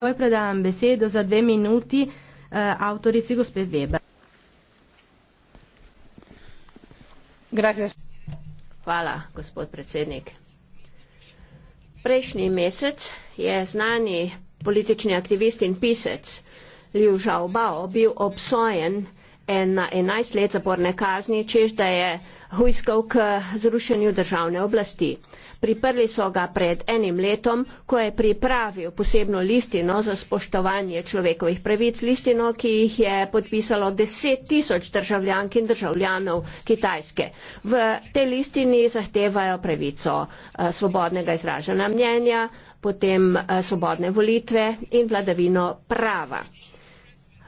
Poi predavam besedo za dve minuti eh, avtorici gospe Weber. Hvala, gospod predsednik. Prejšnji mesec je znani politični aktivist in pisec Liu Zhaobao bil obsojen na 11 let zaporne kazni, češ da je Hujskov k zrušenju državne oblasti. Priprli so ga pred enim letom, ko je pripravil posebno listino za spoštovanje človekovih pravic, listino, ki jih je podpisalo deset tisoč državljank in državljanov Kitajske. V tej listini zahtevajo pravico eh, svobodnega izražanja mnenja, potem eh, svobodne volitve in vladavino prava.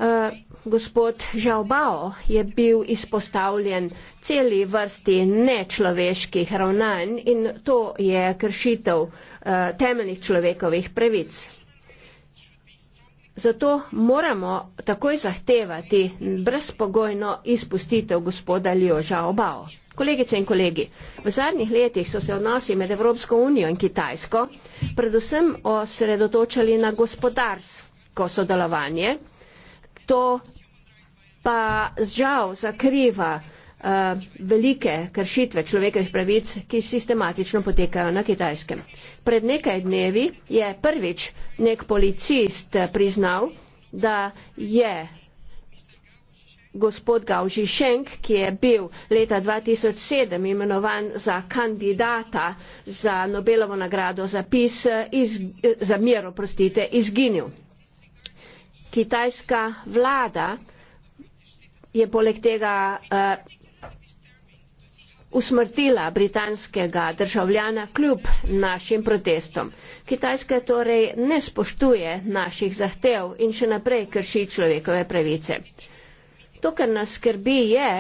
Eh, gospod Žalbao je bil izpostavljen celi vrsti nečloveških ravnanj in to je kršitev uh, temeljnih človekovih pravic. Zato moramo takoj zahtevati brezpogojno izpustitev gospoda Lijo Žalbao. Kolegice in kolegi, v zadnjih letih so se odnosi med Evropsko unijo in Kitajsko predvsem osredotočali na gospodarsko sodelovanje, to pa žal zakriva uh, velike kršitve človekovih pravic, ki sistematično potekajo na kitajskem. Pred nekaj dnevi je prvič nek policist priznal, da je gospod Gauži Šenk, ki je bil leta 2007 imenovan za kandidata za Nobelovo nagrado za, pis, eh, iz, eh, za mir, oprostite, izginil kitajska vlada je poleg tega uh, usmrtila britanskega državljana kljub našim protestom. Kitajska torej ne spoštuje naših zahtev in še naprej krši človekove pravice. To, kar nas skrbi, je,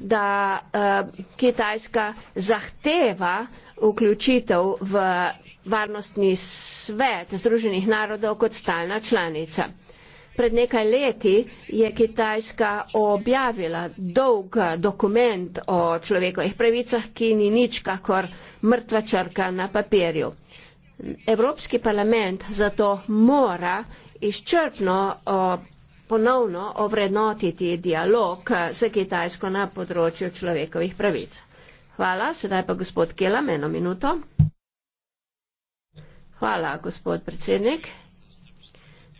da uh, Kitajska zahteva vključitev v varnostni svet Združenih narodov kot stalna članica. Pred nekaj leti je Kitajska objavila dolg dokument o človekovih pravicah, ki ni nič kakor mrtva črka na papirju. Evropski parlament zato mora izčrpno ponovno ovrednotiti dialog s Kitajsko na področju človekovih pravic. Hvala, sedaj pa gospod Kela, eno minuto. Hvala, gospod predsednik.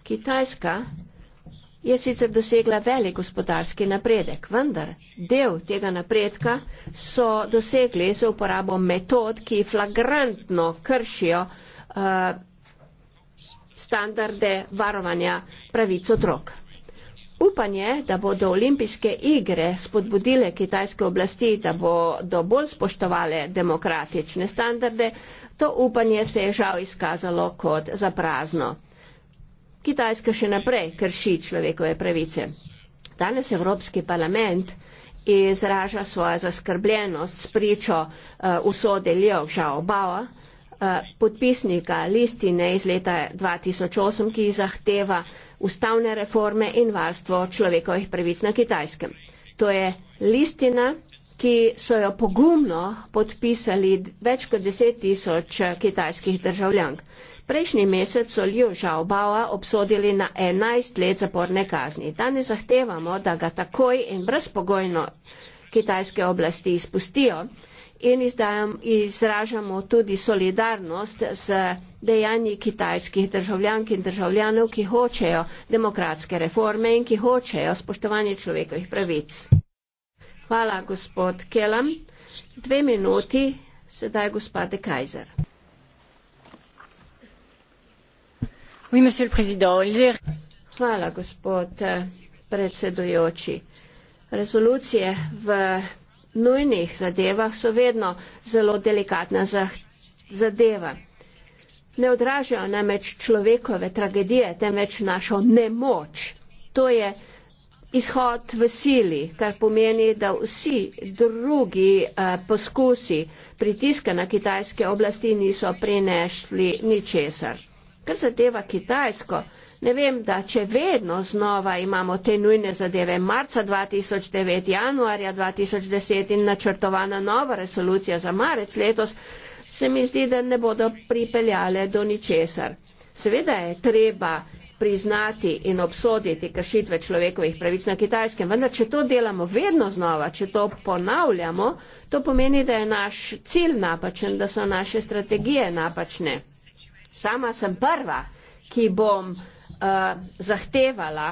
Kitajska je sicer dosegla velik gospodarski napredek, vendar del tega napredka so dosegli z uporabo metod, ki flagrantno kršijo uh, standarde varovanja pravic otrok. Upanje, da bodo olimpijske igre spodbudile kitajske oblasti, da bodo bolj spoštovale demokratične standarde, to upanje se je žal izkazalo kot zaprazno. Kitajska še naprej krši človekove pravice. Danes Evropski parlament izraža svojo zaskrbljenost s pričo uh, usode Leo Žaobava, uh, eh, podpisnika listine iz leta 2008, ki zahteva ustavne reforme in varstvo človekovih pravic na kitajskem. To je listina, ki so jo pogumno podpisali več kot deset tisoč eh, kitajskih državljank. Prejšnji mesec so Liu Žaobava obsodili na 11 let zaporne kazni. Danes zahtevamo, da ga takoj in brezpogojno kitajske oblasti izpustijo in izdajam, izražamo tudi solidarnost z dejanji kitajskih državljank in državljanov, ki hočejo demokratske reforme in ki hočejo spoštovanje človekovih pravic. Hvala, gospod Kelam. Dve minuti, sedaj gospod De Kajzer. hvala gospod eh, predsedujoči. resolucije v nujnih zadevah so vedno zelo delikatna zadeva. ne odražajo namreč človekove tragedije temveč našo nemoč. to je izhod v sili kar pomeni da vsi drugi eh, poskusi pritiska na kitajske oblasti niso prinesli ničesar. Kar zadeva Kitajsko, ne vem, da če vedno znova imamo te nujne zadeve, marca 2009, januarja 2010 in načrtovana nova resolucija za marec letos, se mi zdi, da ne bodo pripeljale do ničesar. Seveda je treba priznati in obsoditi kršitve človekovih pravic na kitajskem, vendar če to delamo vedno znova, če to ponavljamo, to pomeni, da je naš cilj napačen, da so naše strategije napačne. Sama sem prva, ki bom uh, zahtevala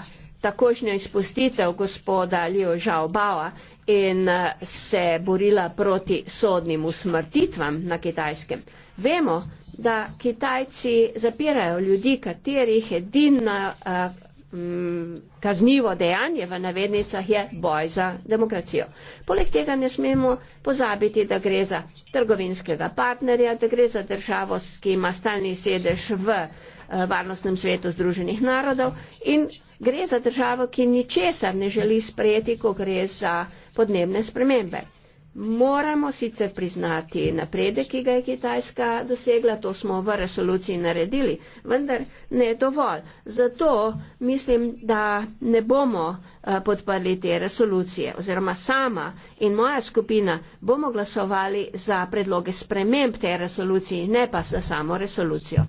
takošnjo izpustitev gospoda Lijo Žaobava in uh, se borila proti sodnim usmrtitvam na kitajskem. Vemo, da Kitajci zapirajo ljudi, katerih edina. Uh, Mm, kaznivo dejanje v navednicah je boj za demokracijo. Poleg tega ne smemo pozabiti, da gre za trgovinskega partnerja, da gre za državo, ki ima stalni sedež v eh, varnostnem svetu Združenih narodov in gre za državo, ki ničesar ne želi sprejeti, ko gre za podnebne spremembe. Moramo sicer priznati napredek, ki ga je Kitajska dosegla, to smo v resoluciji naredili, vendar ne dovolj. Zato mislim, da ne bomo eh, podprli te resolucije oziroma sama in moja skupina bomo glasovali za predloge sprememb te resolucije, ne pa za samo resolucijo.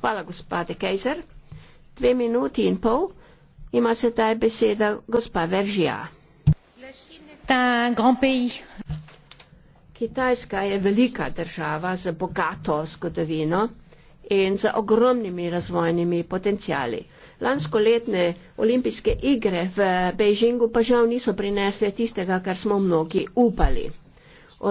Hvala, gospode Kejzer. Dve minuti in pol ima se taj beseda gospa Veržija. Kitajska je velika država z bogato zgodovino in z ogromnimi razvojnimi potencijali. Lansko letne olimpijske igre v Pejžingu pa žal niso prinesle tistega, kar smo mnogi upali.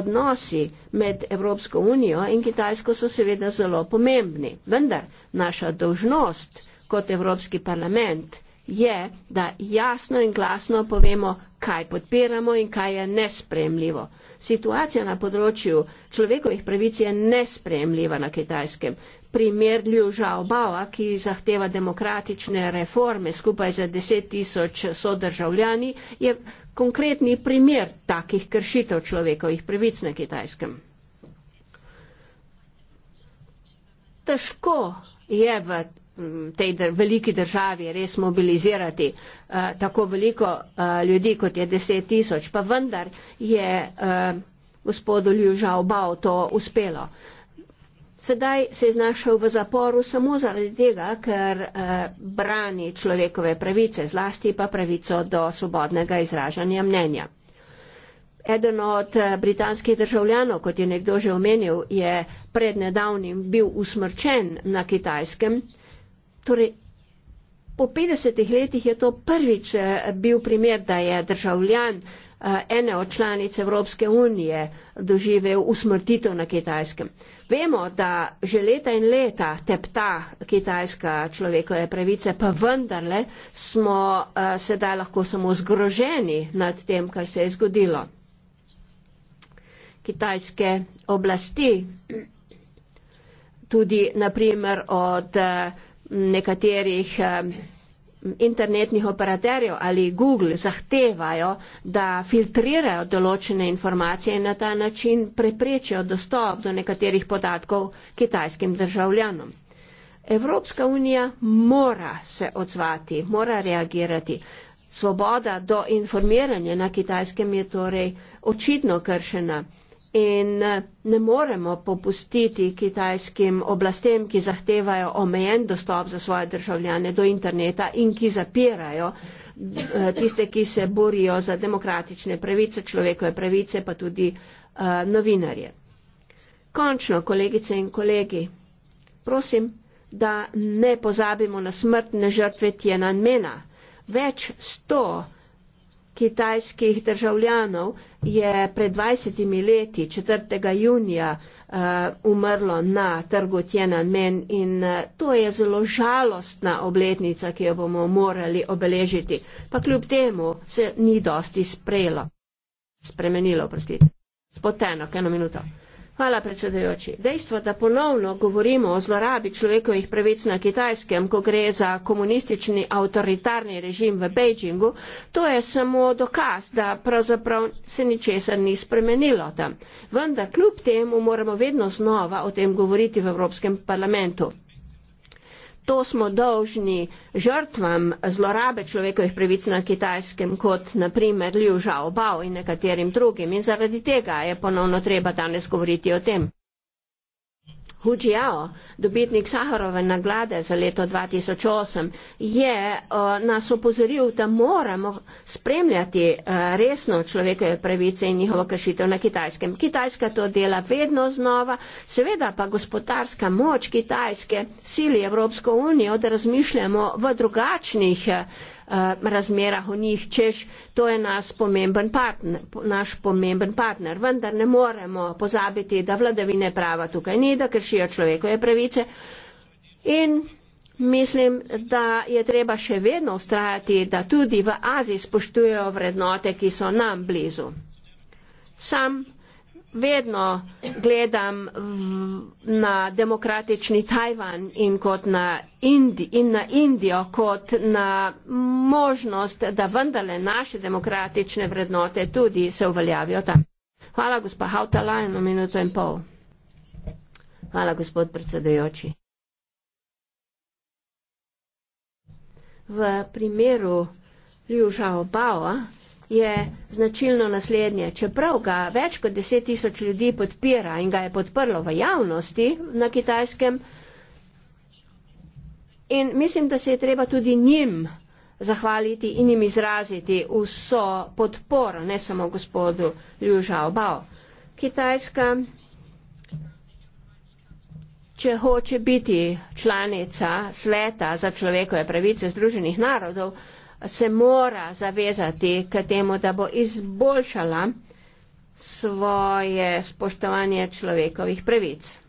Odnosi med Evropsko unijo in Kitajsko so seveda zelo pomembni, vendar naša dožnost kot Evropski parlament je, da jasno in glasno povemo, kaj podpiramo in kaj je nespremljivo situacija na področju človekovih pravic je nespremljiva na kitajskem. Primer Liu Zhaobaoa, ki zahteva demokratične reforme skupaj za 10 tisoč sodržavljani, je konkretni primer takih kršitev človekovih pravic na kitajskem. Težko je v tej dr veliki državi res mobilizirati uh, tako veliko uh, ljudi, kot je deset tisoč. Pa vendar je uh, gospodu Ljuža obav to uspelo. Sedaj se je znašel v zaporu samo zaradi tega, ker uh, brani človekove pravice, zlasti pa pravico do svobodnega izražanja mnenja. Eden od britanskih državljanov, kot je nekdo že omenil, je prednedavnim bil usmrčen na kitajskem, Torej, po 50 letih je to prvič eh, bil primer, da je državljan eh, ene od članic Evropske unije doživel usmrtitev na kitajskem. Vemo, da že leta in leta tepta kitajska človekove pravice, pa vendarle smo eh, sedaj lahko samo zgroženi nad tem, kar se je zgodilo. Kitajske oblasti, tudi naprimer od nekaterih eh, internetnih operaterjev ali Google zahtevajo, da filtrirajo določene informacije in na ta način preprečijo dostop do nekaterih podatkov kitajskim državljanom. Evropska unija mora se odzvati, mora reagirati. Svoboda do informiranja na kitajskem je torej očitno kršena in eh, ne moremo popustiti kitajskim oblastem, ki zahtevajo omejen dostop za svoje državljane do interneta in ki zapirajo eh, tiste, ki se borijo za demokratične pravice, človekove pravice, pa tudi uh, novinarje. Končno, kolegice in kolegi, prosim, da ne pozabimo na smrtne žrtve Tiananmena. Več sto kitajskih državljanov je pred 20 leti, 4. junija, uh, umrlo na trgu Tiananmen in uh, to je zelo žalostna obletnica, ki jo bomo morali obeležiti. Pa kljub temu se ni dosti sprejelo. Spremenilo, prostite. Spoteno, eno minuto. Hvala predsedujoči. Dejstvo, da ponovno govorimo o zlorabi človekovih pravic na kitajskem, ko gre za komunistični avtoritarni režim v Pekingu, to je samo dokaz, da pravzaprav se ničesar ni spremenilo tam. Vendar kljub temu moramo vedno znova o tem govoriti v Evropskem parlamentu to smo dolžni žrtvam zlorabe človekovih pravic na kitajskem, kot naprimer Liu Zhaobao in nekaterim drugim. In zaradi tega je ponovno treba danes govoriti o tem. Hu Jiao, dobitnik Saharove nagrade za leto 2008, je uh, nas opozoril, da moramo spremljati uh, resno človekove pravice in njihovo kršitev na kitajskem. Kitajska to dela vedno znova, seveda pa gospodarska moč kitajske sili Evropsko unijo, da razmišljamo v drugačnih uh, Eh, razmerah o njih, češ, to je nas pomemben partner, naš pomemben partner. Vendar ne moremo pozabiti, da vladavine prava tukaj ni, da kršijo človekove pravice. In mislim, da je treba še vedno ustrajati, da tudi v Aziji spoštujejo vrednote, ki so nam blizu. Sam vedno gledam v, na demokratični Tajvan in, kot na Indi, in na Indijo kot na možnost, da vendarle naše demokratične vrednote tudi se uveljavijo tam. Hvala, gospa Hautala, eno minuto in pol. Hvala, gospod predsedujoči. V primeru Ljužao Bao je značilno naslednje. Čeprav ga več kot deset tisoč ljudi podpira in ga je podprlo v javnosti na kitajskem, in mislim, da se je treba tudi njim zahvaliti in jim izraziti vso podporo, ne samo gospodu Liu Zhaobao. Kitajska, če hoče biti članica sveta za človekove pravice Združenih narodov, se mora zavezati k temu, da bo izboljšala svoje spoštovanje človekovih pravic.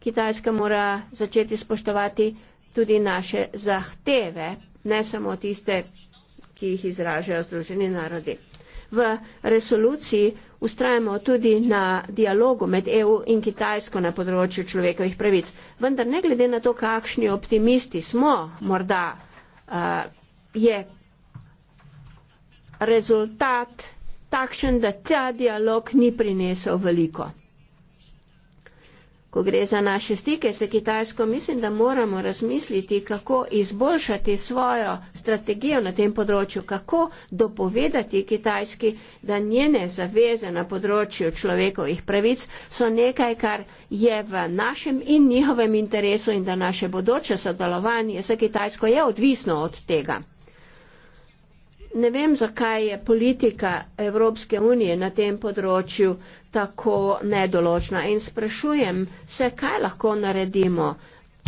Kitajska mora začeti spoštovati tudi naše zahteve, ne samo tiste, ki jih izražajo Združeni narodi. V resoluciji ustrajamo tudi na dialogu med EU in Kitajsko na področju človekovih pravic. Vendar ne glede na to, kakšni optimisti smo morda Eh, je rezultat takšen, da ta dialog ni prinesel veliko. Ko gre za naše stike s Kitajsko, mislim, da moramo razmisliti, kako izboljšati svojo strategijo na tem področju, kako dopovedati Kitajski, da njene zaveze na področju človekovih pravic so nekaj, kar je v našem in njihovem interesu in da naše bodoče sodelovanje s Kitajsko je odvisno od tega ne vem, zakaj je politika Evropske unije na tem področju tako nedoločna in sprašujem se, kaj lahko naredimo.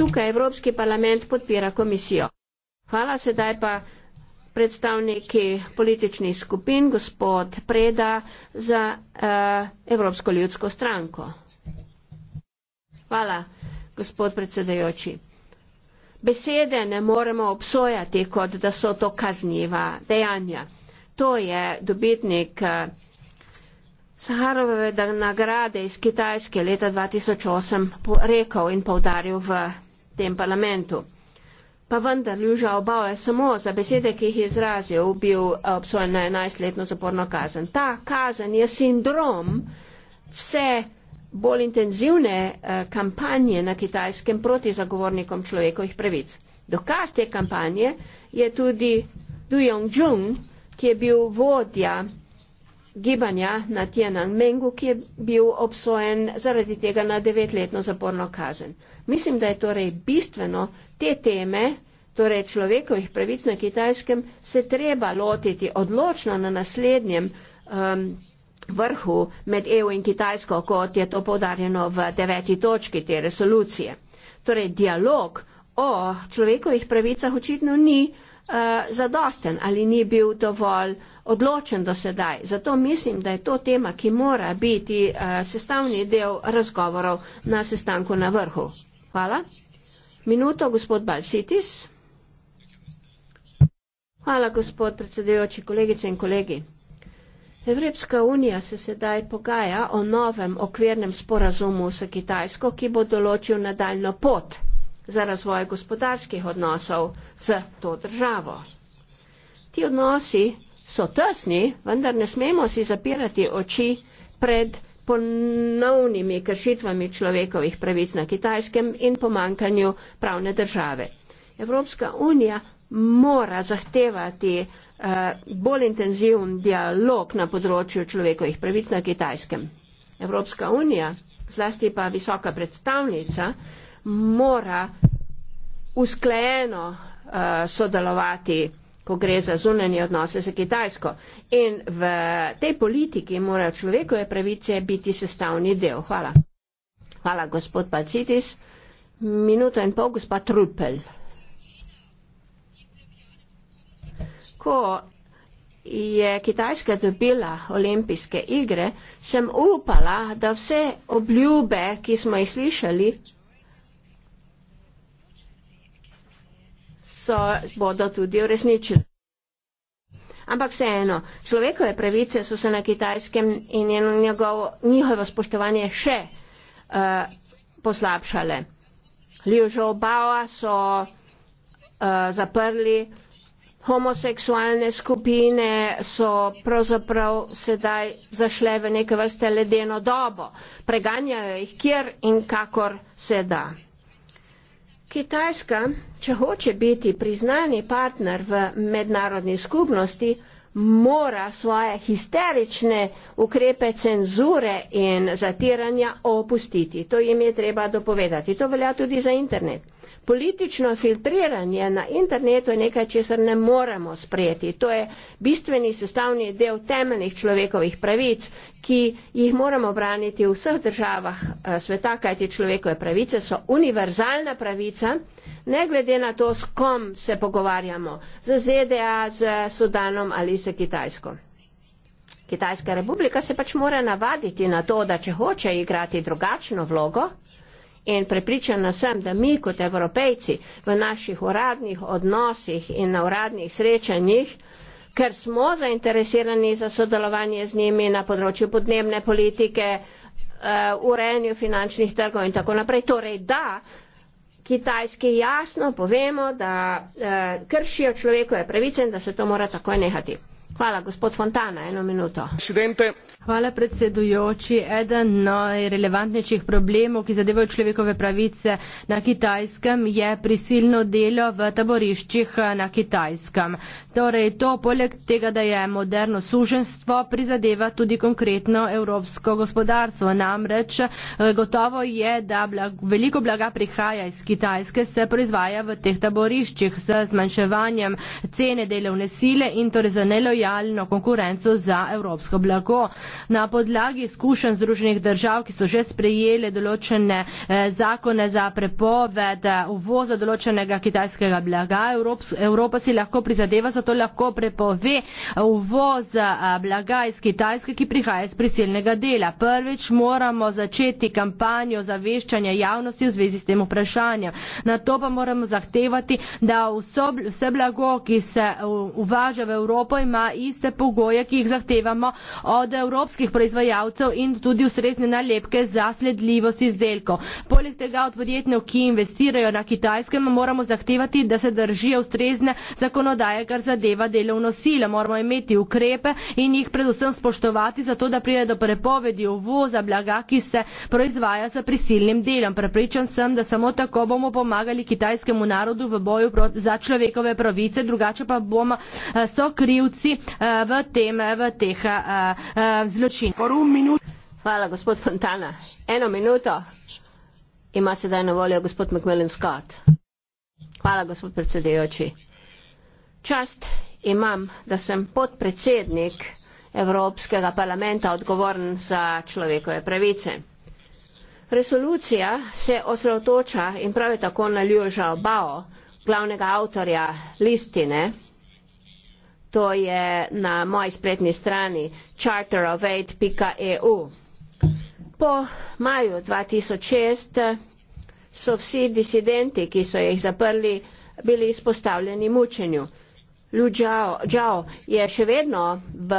Tukaj Evropski parlament podpira komisijo. Hvala sedaj pa predstavniki političnih skupin, gospod Preda za uh, Evropsko ljudsko stranko. Hvala, gospod predsedajoči. Besede ne moremo obsojati, kot da so to kaznjiva dejanja. To je dobitnik eh, Saharove nagrade iz Kitajske leta 2008 rekel in povdaril v tem parlamentu. Pa vendar, Ljuža obal je samo za besede, ki jih je izrazil, bil eh, obsojen na 11-letno zaporno kazen. Ta kazen je sindrom vse bolj intenzivne eh, kampanje na kitajskem proti zagovornikom človekovih pravic. Dokaz te kampanje je tudi Du Yongjun, ki je bil vodja gibanja na Tiananmengu, ki je bil obsojen zaradi tega na devetletno zaporno kazen. Mislim, da je torej bistveno te teme, torej človekovih pravic na kitajskem, se treba lotiti odločno na naslednjem um, vrhu med EU in Kitajsko, kot je to podarjeno v deveti točki te resolucije. Torej, dialog o človekovih pravicah očitno ni uh, zadosten ali ni bil dovolj odločen do sedaj. Zato mislim, da je to tema, ki mora biti uh, sestavni del razgovorov na sestanku na vrhu. Hvala. Minuto, gospod Balsitis. Hvala, gospod predsedujoči, kolegice in kolegi. Evropska unija se sedaj pogaja o novem okvirnem sporazumu s Kitajsko, ki bo določil nadaljno pot za razvoj gospodarskih odnosov z to državo. Ti odnosi so tesni, vendar ne smemo si zapirati oči pred ponovnimi kršitvami človekovih pravic na kitajskem in pomankanju pravne države. Evropska unija mora zahtevati Eh, bolj intenziven dialog na področju človekovih pravic na kitajskem. Evropska unija, zlasti pa visoka predstavnica, mora usklajeno uh, sodelovati, ko gre za zunanje odnose z Kitajsko. In v tej politiki morajo človekove pravice biti sestavni del. Hvala. Hvala, gospod Pacitis. Minuto in pol, gospod Trupel. ko je Kitajska dobila olimpijske igre, sem upala, da vse obljube, ki smo jih slišali, so bodo tudi uresničili. Ampak vseeno, človekove pravice so se na kitajskem in njegovo, njihovo spoštovanje še uh, poslabšale. Liu Zhoubao so uh, zaprli homoseksualne skupine so pravzaprav sedaj zašle v neke vrste ledeno dobo. Preganjajo jih kjer in kakor se da. Kitajska, če hoče biti priznani partner v mednarodni skupnosti, mora svoje histerične ukrepe cenzure in zatiranja opustiti. To jim je treba dopovedati. To velja tudi za internet. Politično filtriranje na internetu je nekaj, česar ne moremo sprejeti. To je bistveni sestavni del temeljnih človekovih pravic, ki jih moramo braniti v vseh državah eh, sveta, kajti človekove pravice so univerzalna pravica, ne glede na to, s kom se pogovarjamo, z ZDA, z Sudanom ali z Kitajsko. Kitajska republika se pač mora navaditi na to, da če hoče igrati drugačno vlogo, in prepričana sem, da mi kot evropejci v naših uradnih odnosih in na uradnih srečanjih, ker smo zainteresirani za sodelovanje z njimi na področju podnebne politike, eh, urejanju finančnih trgov in tako naprej, torej da kitajski jasno povemo, da eh, kršijo človekove pravice in da se to mora takoj nehati. Hvala, gospod Fontana, eno minuto. Presidente. Hvala, predsedujoči. Eden najrelevantnejših problemov, ki zadevajo človekove pravice na kitajskem, je prisilno delo v taboriščih na kitajskem. Torej, to poleg tega, da je moderno suženstvo, prizadeva tudi konkretno evropsko gospodarstvo. Namreč eh, gotovo je, da blag, veliko blaga prihaja iz Kitajske, se proizvaja v teh taboriščih z zmanjševanjem cene delovne sile in torej za nelojalnost lojalno konkurenco za evropsko blago. Na podlagi izkušenj Združenih držav, ki so že sprejeli določene eh, zakone za prepoved eh, uvoza določenega kitajskega blaga, Evropa si lahko prizadeva, zato lahko prepove eh, uvoz blaga iz Kitajske, ki prihaja iz prisilnega dela. Prvič moramo začeti kampanjo zaveščanja javnosti v zvezi s tem vprašanjem. Na to pa moramo zahtevati, da vse blago, ki se uvaža v Evropo, ima iste pogoje, ki jih zahtevamo od evropskih proizvajalcev in tudi ustrezne nalepke za sledljivost izdelkov. Poleg tega od podjetnev, ki investirajo na kitajskem, moramo zahtevati, da se držijo ustrezne zakonodaje, kar zadeva delovno silo. Moramo imeti ukrepe in jih predvsem spoštovati, zato da pride do prepovedi uvoza blaga, ki se proizvaja s prisilnim delom. Prepričan sem, da samo tako bomo pomagali kitajskemu narodu v boju za človekove pravice, drugače pa bomo eh, sokrivci v tem, v teh eh, eh, zločinih. Hvala, gospod Fontana. Eno minuto ima sedaj na voljo gospod McMillan Scott. Hvala, gospod predsedujoči. Čast imam, da sem podpredsednik Evropskega parlamenta odgovoren za človekove pravice. Resolucija se osredotoča in pravi tako na Ljuža Obao, glavnega avtorja listine, to je na moji spletni strani charterofaid.eu. Po maju 2006 so vsi disidenti, ki so jih zaprli, bili izpostavljeni mučenju. Lu Zhao je še vedno v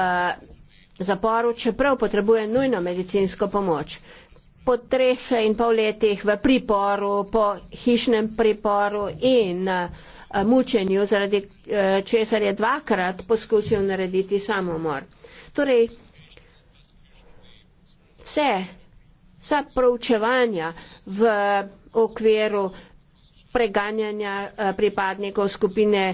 zaporu, čeprav potrebuje nujno medicinsko pomoč po treh in pol letih v priporu, po hišnem priporu in eh, mučenju, zaradi eh, česar je dvakrat poskusil narediti samomor. Torej, vse, vsa proučevanja v okviru preganjanja eh, pripadnikov skupine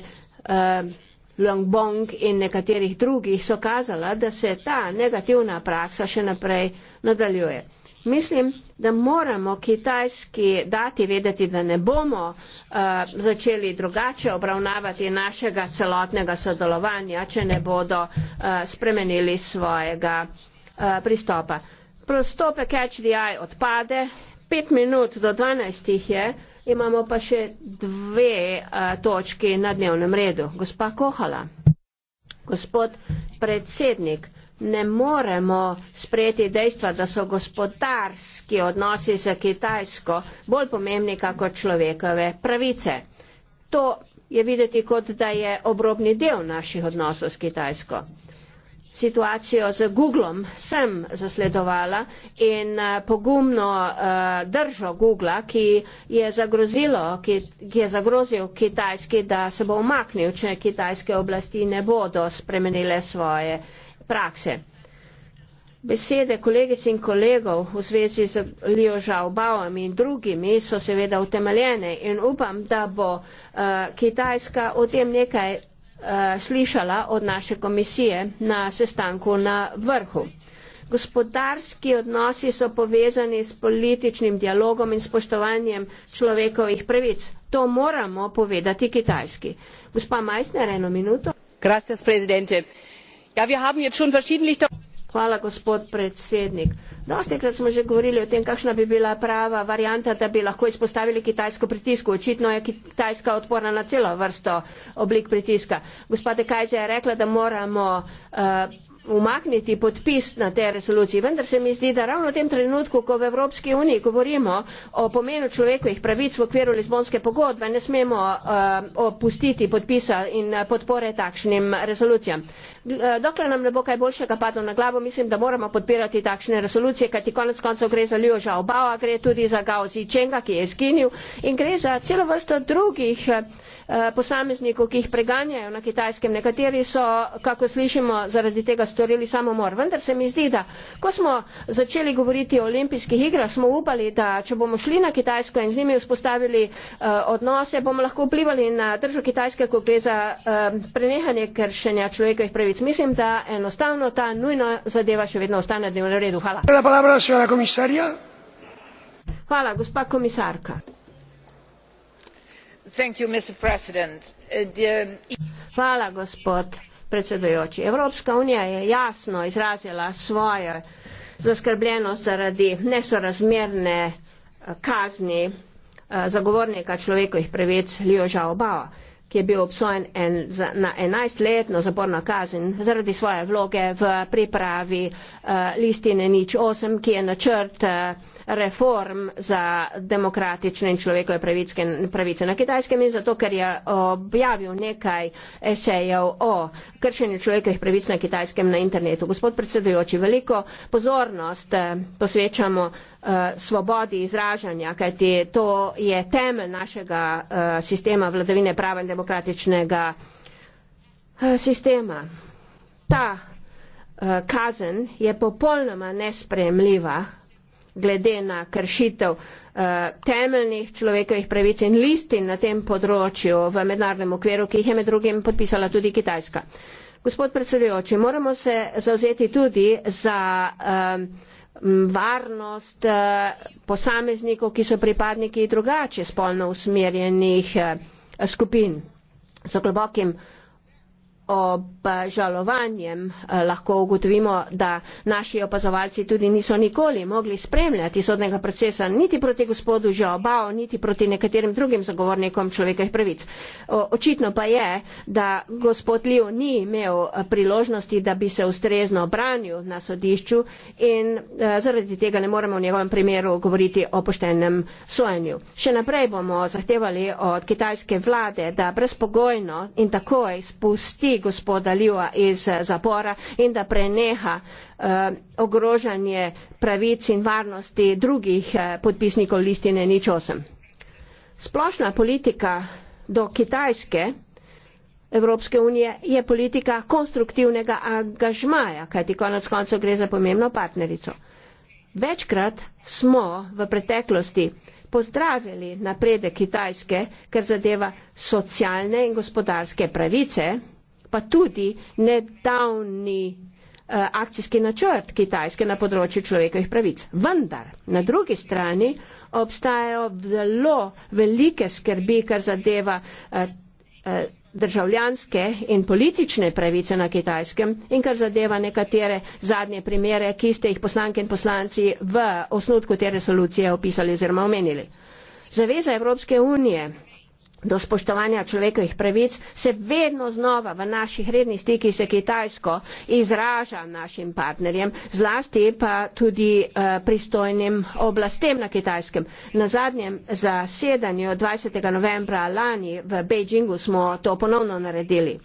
Longbong in nekaterih drugih so kazala, da se ta negativna praksa še naprej nadaljuje. Mislim, da moramo Kitajski dati vedeti, da ne bomo uh, začeli drugače obravnavati našega celotnega sodelovanja, če ne bodo uh, spremenili svojega uh, pristopa. Prostopek HDI odpade, pet minut do dvanajstih je, imamo pa še dve uh, točki na dnevnem redu. Gospa Kohala, gospod predsednik, ne moremo sprejeti dejstva, da so gospodarski odnosi za Kitajsko bolj pomembni kot človekove pravice. To je videti kot, da je obrobni del naših odnosov s Kitajsko. Situacijo z Googlom sem zasledovala in eh, pogumno eh, držo Googla, ki je, ki, ki je zagrozil Kitajski, da se bo umaknil, če kitajske oblasti ne bodo spremenile svoje uh, prakse. Besede kolegic in kolegov v zvezi z Lijo Žaobaom in drugimi so seveda utemeljene in upam, da bo uh, Kitajska o tem nekaj uh, slišala od naše komisije na sestanku na vrhu. Gospodarski odnosi so povezani s političnim dialogom in spoštovanjem človekovih pravic. To moramo povedati Kitajski. Gospa Majsner, eno minuto. Gracias, Ja, hvala gospod predsednik dostikrat smo že govorili o tem kakšna bi bila prava varianta da bi lahko izpostavili kitajsko pritisku očitno je kitajska odporna na celo vrsto oblik pritiska gospa de kaiser je rekla da moramo uh, umakniti podpis na tej resoluciji. Vendar se mi zdi, da ravno v tem trenutku, ko v Evropski uniji govorimo o pomenu človekovih pravic v okviru Lizbonske pogodbe, ne smemo uh, opustiti podpisa in eh, podpore takšnim resolucijam. Eh, dokler nam ne bo kaj boljšega padlo na glavo, mislim, da moramo podpirati takšne resolucije, kajti konec koncev gre za Ljuža Obava, gre tudi za Gao Zičenga, ki je izginil in gre za celo vrsto drugih eh, eh, posameznikov, ki jih preganjajo na kitajskem. Nekateri so, kako slišimo, zaradi tega storili samomor. Vendar se mi zdi, da ko smo začeli govoriti o olimpijskih igrah, smo upali, da če bomo šli na Kitajsko in z njimi vzpostavili odnose, bomo lahko vplivali na državo Kitajske, ko gre za prenehanje kršenja človekovih pravic. Gorica. Mislim, da enostavno ta nujna zadeva še vedno ostane na dnevnem redu. Hvala. Hvala, gospa komisarka. Uh, uh, Hvala, gospod predsedujoči. Evropska unija je jasno izrazila svojo zaskrbljenost zaradi nesorazmerne uh, kazni zagovornika človekovih pravic Lijoža Obava ki je bil obsojen en, za, na 11 letno zaporno kazen zaradi svoje vloge v pripravi uh, listine nič 8, ki je načrt uh, reform za demokratične in človekove pravice, pravice na kitajskem in zato, ker je objavil nekaj esejev o kršenju človekovih pravic na kitajskem na internetu. Gospod predsedujoči, veliko pozornost eh, posvečamo eh, svobodi izražanja, kajti to je temelj našega eh, sistema vladavine prava in demokratičnega sistema. Ta kazen je popolnoma nespremljiva glede na kršitev eh, temeljnih človekovih pravic in listin na tem področju v mednarodnem okviru, ki jih je med drugim podpisala tudi Kitajska. Gospod predsedujoči, moramo se zauzeti tudi za um, varnost uh, posameznikov, ki so pripadniki drugače spolno usmerjenih uh, skupin. Za globokim uh, ob žalovanjem eh, lahko ugotovimo, da naši opazovalci tudi niso nikoli mogli spremljati sodnega procesa niti proti gospodu Žaobao, niti proti nekaterim drugim zagovornikom človekovih pravic. Očitno pa je, da gospod Liu ni imel eh, priložnosti, da bi se ustrezno obranil na sodišču in eh, zaradi tega ne moremo v njegovem primeru govoriti o poštenem sojenju. Še naprej bomo zahtevali od kitajske vlade, da brezpogojno in takoj spusti gospoda Liva iz zapora in da preneha eh, ogrožanje pravic in varnosti drugih eh, podpisnikov listine nič osem. Splošna politika do Kitajske Evropske unije je politika konstruktivnega angažmaja, kajti konec koncev gre za pomembno partnerico. Večkrat smo v preteklosti pozdravili napredek Kitajske, ker zadeva socialne in gospodarske pravice pa tudi nedavni eh, akcijski načrt Kitajske na področju človekovih pravic. Vendar na drugi strani obstajajo zelo velike skrbi, kar zadeva eh, eh, državljanske in politične pravice na kitajskem in kar zadeva nekatere zadnje primere, ki ste jih poslanke in poslanci v osnutku te resolucije opisali oziroma omenili. Zaveza Evropske unije do spoštovanja človekovih pravic, se vedno znova v naših rednih stikih se Kitajsko izraža našim partnerjem, zlasti pa tudi uh, pristojnim oblastem na Kitajskem. Na zadnjem zasedanju 20. novembra lani v Beijingu smo to ponovno naredili.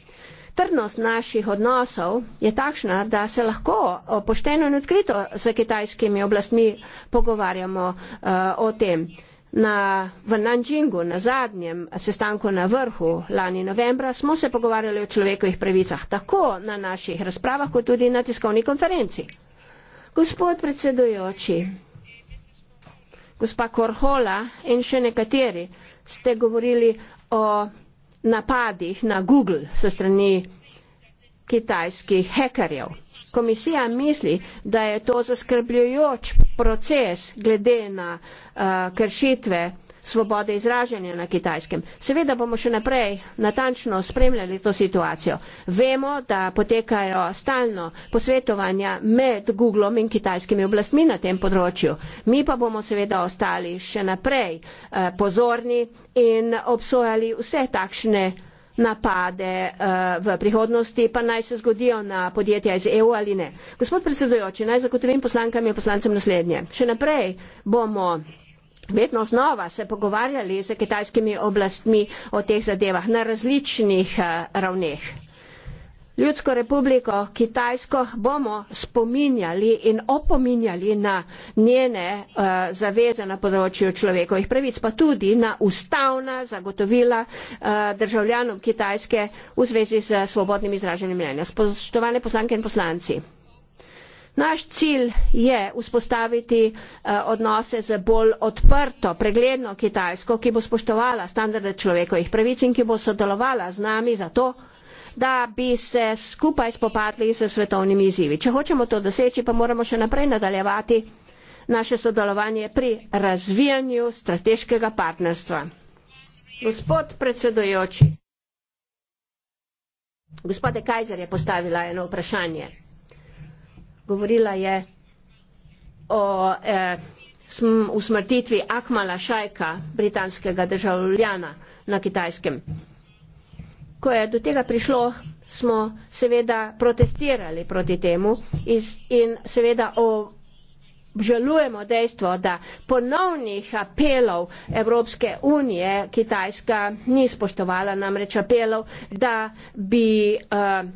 Trdnost naših odnosov je takšna, da se lahko eh, pošteno in odkrito s kitajskimi oblastmi pogovarjamo uh, o tem. Na, v Nanjingu, na zadnjem sestanku na vrhu lani novembra, smo se pogovarjali o človekovih pravicah, tako na naših razpravah, kot tudi na tiskovni konferenci. Gospod predsedujoči, gospa Korhola in še nekateri ste govorili o napadih na Google se strani kitajskih hekerjev. Komisija misli, da je to zaskrbljujoč proces glede na uh, kršitve svobode izražanja na kitajskem. Seveda bomo še naprej natančno spremljali to situacijo. Vemo, da potekajo stalno posvetovanja med Googlom in kitajskimi oblastmi na tem področju. Mi pa bomo seveda ostali še naprej uh, pozorni in obsojali vse takšne napade eh, v prihodnosti, pa naj se zgodijo na podjetja iz EU ali ne. Gospod predsedujoči, naj zagotovim poslankam in poslancem naslednje. Še naprej bomo vedno znova se pogovarjali z kitajskimi oblastmi o teh zadevah na različnih eh, ravneh ljudsko republiko Kitajsko bomo spominjali in opominjali na njene uh, zaveze na področju človekovih pravic, pa tudi na ustavna zagotovila uh, državljanom Kitajske v zvezi z svobodnim izraženjem mnenja. Spoštovane poslanke in poslanci. Naš cilj je vzpostaviti eh, odnose z bolj odprto, pregledno Kitajsko, ki bo spoštovala standarde človekovih pravic in ki bo sodelovala z nami za to, da bi se skupaj spopadli s svetovnimi izzivi. Če hočemo to doseči, pa moramo še naprej nadaljevati naše sodelovanje pri razvijanju strateškega partnerstva. Gospod predsedojoči, gospode Kajzer je postavila eno vprašanje. Govorila je o eh, sm usmrtitvi Akmala Šajka, britanskega državljana na kitajskem ko je do tega prišlo, smo seveda protestirali proti temu iz, in seveda obžalujemo dejstvo, da ponovnih apelov Evropske unije Kitajska ni spoštovala namreč apelov, da bi uh,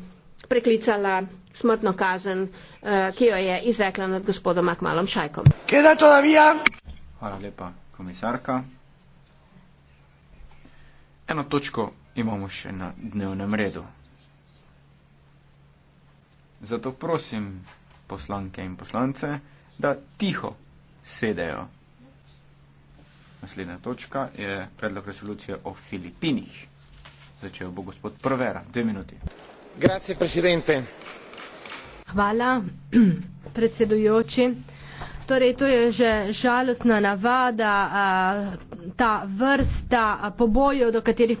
preklicala smrtno kazen, uh, ki jo je izrekla nad gospodom Akmalom Šajkom. Hvala lepa, komisarka. Eno točko imamo še na dnevnem redu. Zato prosim poslanke in poslance, da tiho sedejo. Naslednja točka je predlog resolucije o Filipinih. Začel bo gospod Prvera, dve minuti. Grazie, Hvala, predsedujoči. Torej, to je že žalostna navada, a, ta vrsta pobojev, do katerih.